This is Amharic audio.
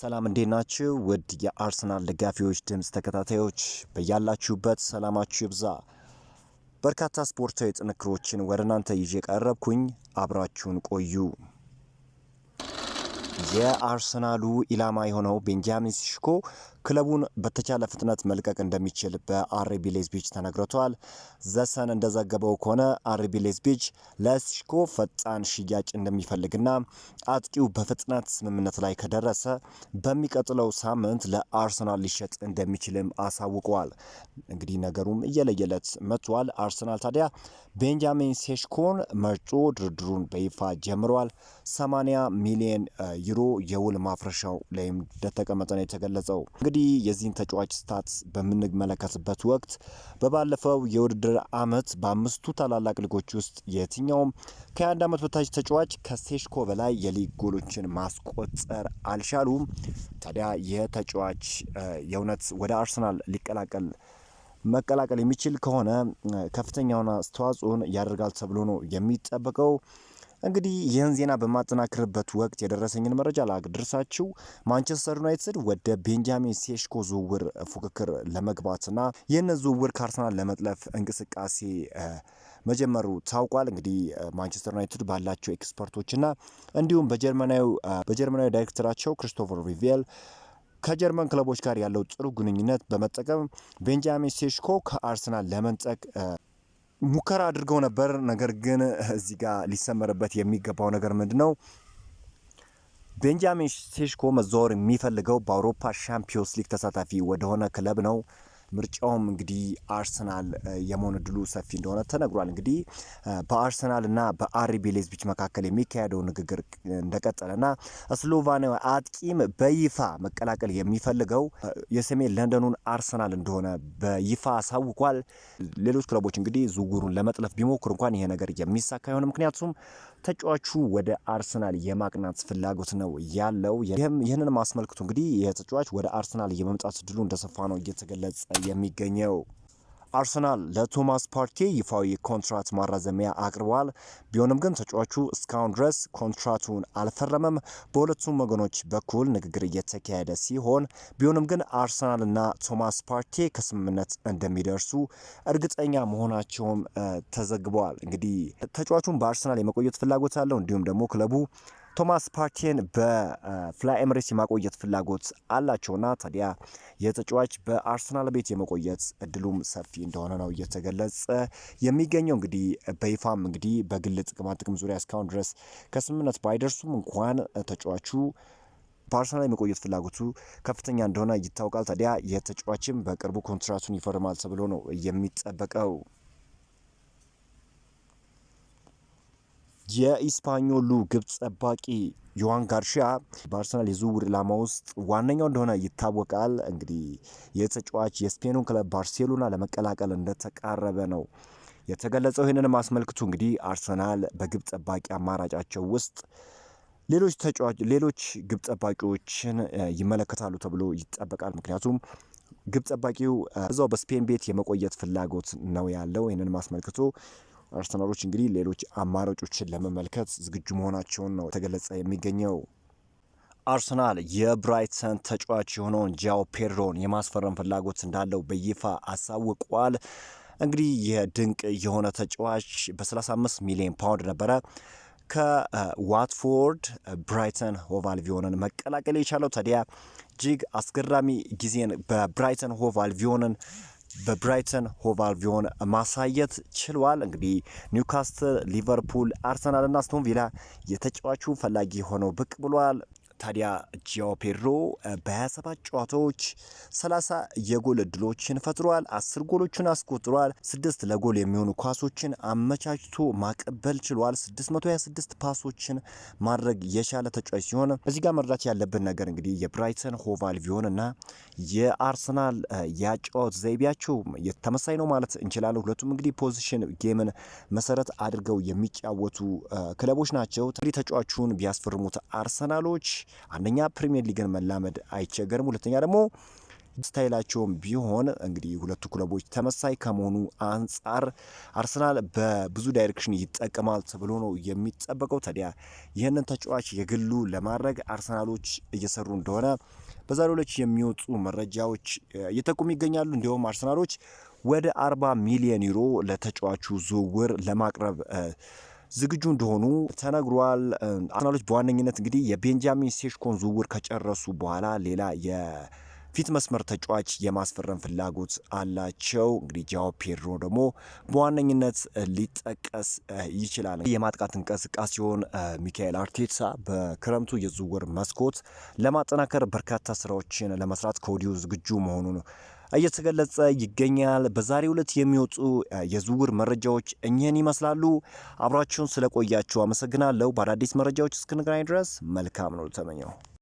ሰላም እንዴት ናችሁ? ውድ የአርሰናል ደጋፊዎች ድምፅ ተከታታዮች በያላችሁበት ሰላማችሁ ይብዛ። በርካታ ስፖርታዊ ጥንክሮችን ወደ እናንተ ይዤ ቀረብኩኝ። አብራችሁን ቆዩ። የአርሰናሉ ኢላማ የሆነው ቤንጃሚን ሲሽኮ ክለቡን በተቻለ ፍጥነት መልቀቅ እንደሚችል በአርቢ ሌዝቢጅ ተነግረቷል። ዘሰን እንደዘገበው ከሆነ አርቢ ሌዝቢጅ ለሼሽኮ ፈጣን ሽያጭ እንደሚፈልግና አጥቂው በፍጥነት ስምምነት ላይ ከደረሰ በሚቀጥለው ሳምንት ለአርሰናል ሊሸጥ እንደሚችልም አሳውቀዋል። እንግዲህ ነገሩም እየለየለት መጥቷል። አርሰናል ታዲያ ቤንጃሚን ሴሽኮን መርጦ ድርድሩን በይፋ ጀምሯል። 80 ሚሊዮን ተቀይሮ የውል ማፍረሻው ላይም እንደተቀመጠ ነው የተገለጸው። እንግዲህ የዚህን ተጫዋች ስታትስ በምንመለከትበት ወቅት በባለፈው የውድድር አመት በአምስቱ ታላላቅ ሊጎች ውስጥ የትኛውም ከአንድ አመት በታች ተጫዋች ከሴሽኮ በላይ የሊግ ጎሎችን ማስቆጠር አልቻሉም። ታዲያ ይህ ተጫዋች የእውነት ወደ አርሰናል ሊቀላቀል መቀላቀል የሚችል ከሆነ ከፍተኛውን አስተዋጽኦን ያደርጋል ተብሎ ነው የሚጠበቀው። እንግዲህ ይህን ዜና በማጠናክርበት ወቅት የደረሰኝን መረጃ ላድርሳችሁ። ማንቸስተር ዩናይትድ ወደ ቤንጃሚን ሴሽኮ ዝውውር ፉክክር ለመግባትና ይህንን ዝውውር ከአርሰናል ለመጥለፍ እንቅስቃሴ መጀመሩ ታውቋል። እንግዲህ ማንቸስተር ዩናይትድ ባላቸው ኤክስፐርቶችና እንዲሁም በጀርመናዊ ዳይሬክተራቸው ክሪስቶፈር ሪቬል ከጀርመን ክለቦች ጋር ያለው ጥሩ ግንኙነት በመጠቀም ቤንጃሚን ሴሽኮ ከአርሰናል ለመንጠቅ ሙከራ አድርገው ነበር። ነገር ግን እዚህ ጋር ሊሰመርበት የሚገባው ነገር ምንድን ነው? ቤንጃሚን ሴሽኮ መዛወር የሚፈልገው በአውሮፓ ሻምፒዮንስ ሊግ ተሳታፊ ወደሆነ ክለብ ነው። ምርጫውም እንግዲህ አርሰናል የመሆን እድሉ ሰፊ እንደሆነ ተነግሯል። እንግዲህ በአርሰናል በአርቢ ሌዝቢች መካከል የሚካሄደው ንግግር እንደቀጠለ እና ስሎቫኒያዊ አጥቂም በይፋ መቀላቀል የሚፈልገው የሰሜን ለንደኑን አርሰናል እንደሆነ በይፋ አሳውቋል። ሌሎች ክለቦች እንግዲህ ዝውውሩን ለመጥለፍ ቢሞክር እንኳን ይሄ ነገር የሚሳካ የሆነ ምክንያቱም ተጫዋቹ ወደ አርሰናል የማቅናት ፍላጎት ነው ያለው። ይህንን አስመልክቶ እንግዲህ የተጫዋች ወደ አርሰናል የመምጣት እድሉ እንደሰፋ ነው እየተገለጸ የሚገኘው። አርሰናል ለቶማስ ፓርቴ ይፋዊ ኮንትራት ማራዘሚያ አቅርቧል። ቢሆንም ግን ተጫዋቹ እስካሁን ድረስ ኮንትራቱን አልፈረመም። በሁለቱም ወገኖች በኩል ንግግር እየተካሄደ ሲሆን ቢሆንም ግን አርሰናልና ቶማስ ፓርቴ ከስምምነት እንደሚደርሱ እርግጠኛ መሆናቸውም ተዘግበዋል። እንግዲህ ተጫዋቹም በአርሰናል የመቆየት ፍላጎት አለው። እንዲሁም ደግሞ ክለቡ ቶማስ ፓርቲን በፍላይ ኤምሬትስ የማቆየት ፍላጎት አላቸውና ታዲያ የተጫዋች በአርሰናል ቤት የመቆየት እድሉም ሰፊ እንደሆነ ነው እየተገለጸ የሚገኘው። እንግዲህ በይፋም እንግዲህ በግል ጥቅማ ጥቅም ዙሪያ እስካሁን ድረስ ከስምምነት ባይደርሱም እንኳን ተጫዋቹ በአርሰናል የመቆየት ፍላጎቱ ከፍተኛ እንደሆነ ይታወቃል። ታዲያ የተጫዋችም በቅርቡ ኮንትራቱን ይፈርማል ተብሎ ነው የሚጠበቀው። የኢስፓኞሉ ግብ ጠባቂ ዮዋን ጋርሺያ በአርሰናል የዝውውር ኢላማ ውስጥ ዋነኛው እንደሆነ ይታወቃል። እንግዲህ የተጫዋች የስፔኑን ክለብ ባርሴሎና ለመቀላቀል እንደተቃረበ ነው የተገለጸው። ይህንንም ማስመልክቱ እንግዲህ አርሰናል በግብ ጠባቂ አማራጫቸው ውስጥ ሌሎች ተጫዋች ሌሎች ግብ ጠባቂዎችን ይመለከታሉ ተብሎ ይጠበቃል። ምክንያቱም ግብ ጠባቂው እዛው በስፔን ቤት የመቆየት ፍላጎት ነው ያለው። ይህንን አስመልክቶ አርሰናሎች እንግዲህ ሌሎች አማራጮችን ለመመልከት ዝግጁ መሆናቸውን ነው ተገለጸ የሚገኘው። አርሰናል የብራይተን ተጫዋች የሆነውን ጃው ፔድሮን የማስፈረም ፍላጎት እንዳለው በይፋ አሳውቋል። እንግዲህ የድንቅ የሆነ ተጫዋች በ35 ሚሊዮን ፓውንድ ነበረ ከዋትፎርድ ብራይተን ሆቫልቪዮንን መቀላቀል የቻለው። ታዲያ እጅግ አስገራሚ ጊዜን በብራይተን ሆቫልቪዮንን በብራይተን ሆቫልቪዮን ማሳየት ችሏል። እንግዲህ ኒውካስትል፣ ሊቨርፑል፣ እና ስቶን ቪላ የተጫዋቹ ፈላጊ ሆነው ብቅ ብሏል። ታዲያ ጂያው ፔድሮ በ27 ጨዋታዎች 30 የጎል እድሎችን ፈጥሯል። 10 ጎሎችን አስቆጥሯል። 6 ለጎል የሚሆኑ ኳሶችን አመቻችቶ ማቀበል ችሏል። 626 ፓሶችን ማድረግ የቻለ ተጫዋች ሲሆን እዚህ ጋር መረዳት ያለብን ነገር እንግዲህ የብራይተን ሆቫል አልቢዮን እና የአርሰናል የአጨዋወት ዘይቤያቸው ተመሳሳይ ነው ማለት እንችላለን። ሁለቱም እንግዲህ ፖዚሽን ጌምን መሰረት አድርገው የሚጫወቱ ክለቦች ናቸው። እንግዲህ ተጫዋቹን ቢያስፈርሙት አርሰናሎች አንደኛ ፕሪሚየር ሊግን መላመድ አይቸገርም፣ ሁለተኛ ደግሞ ስታይላቸውም ቢሆን እንግዲህ ሁለቱ ክለቦች ተመሳይ ከመሆኑ አንጻር አርሰናል በብዙ ዳይሬክሽን ይጠቀማል ተብሎ ነው የሚጠበቀው። ታዲያ ይህንን ተጫዋች የግሉ ለማድረግ አርሰናሎች እየሰሩ እንደሆነ በዛሬው ዕለት የሚወጡ መረጃዎች እየጠቁሙ ይገኛሉ። እንዲሁም አርሰናሎች ወደ 40 ሚሊዮን ዩሮ ለተጫዋቹ ዝውውር ለማቅረብ ዝግጁ እንደሆኑ ተነግሯል። አርሰናሎች በዋነኝነት እንግዲህ የቤንጃሚን ሴሽኮን ዝውውር ከጨረሱ በኋላ ሌላ የፊት መስመር ተጫዋች የማስፈረም ፍላጎት አላቸው። እንግዲህ ጃዋ ፔድሮ ደግሞ በዋነኝነት ሊጠቀስ ይችላል። የማጥቃት እንቅስቃሴ ሲሆን ሚካኤል አርቴታ በክረምቱ የዝውውር መስኮት ለማጠናከር በርካታ ስራዎችን ለመስራት ከወዲሁ ዝግጁ መሆኑን እየተገለጸ ይገኛል። በዛሬው ዕለት የሚወጡ የዝውውር መረጃዎች እኚህን ይመስላሉ። አብራችሁን ስለቆያችሁ አመሰግናለሁ። በአዳዲስ መረጃዎች እስክንገናኝ ድረስ መልካም ነው ተመኘው።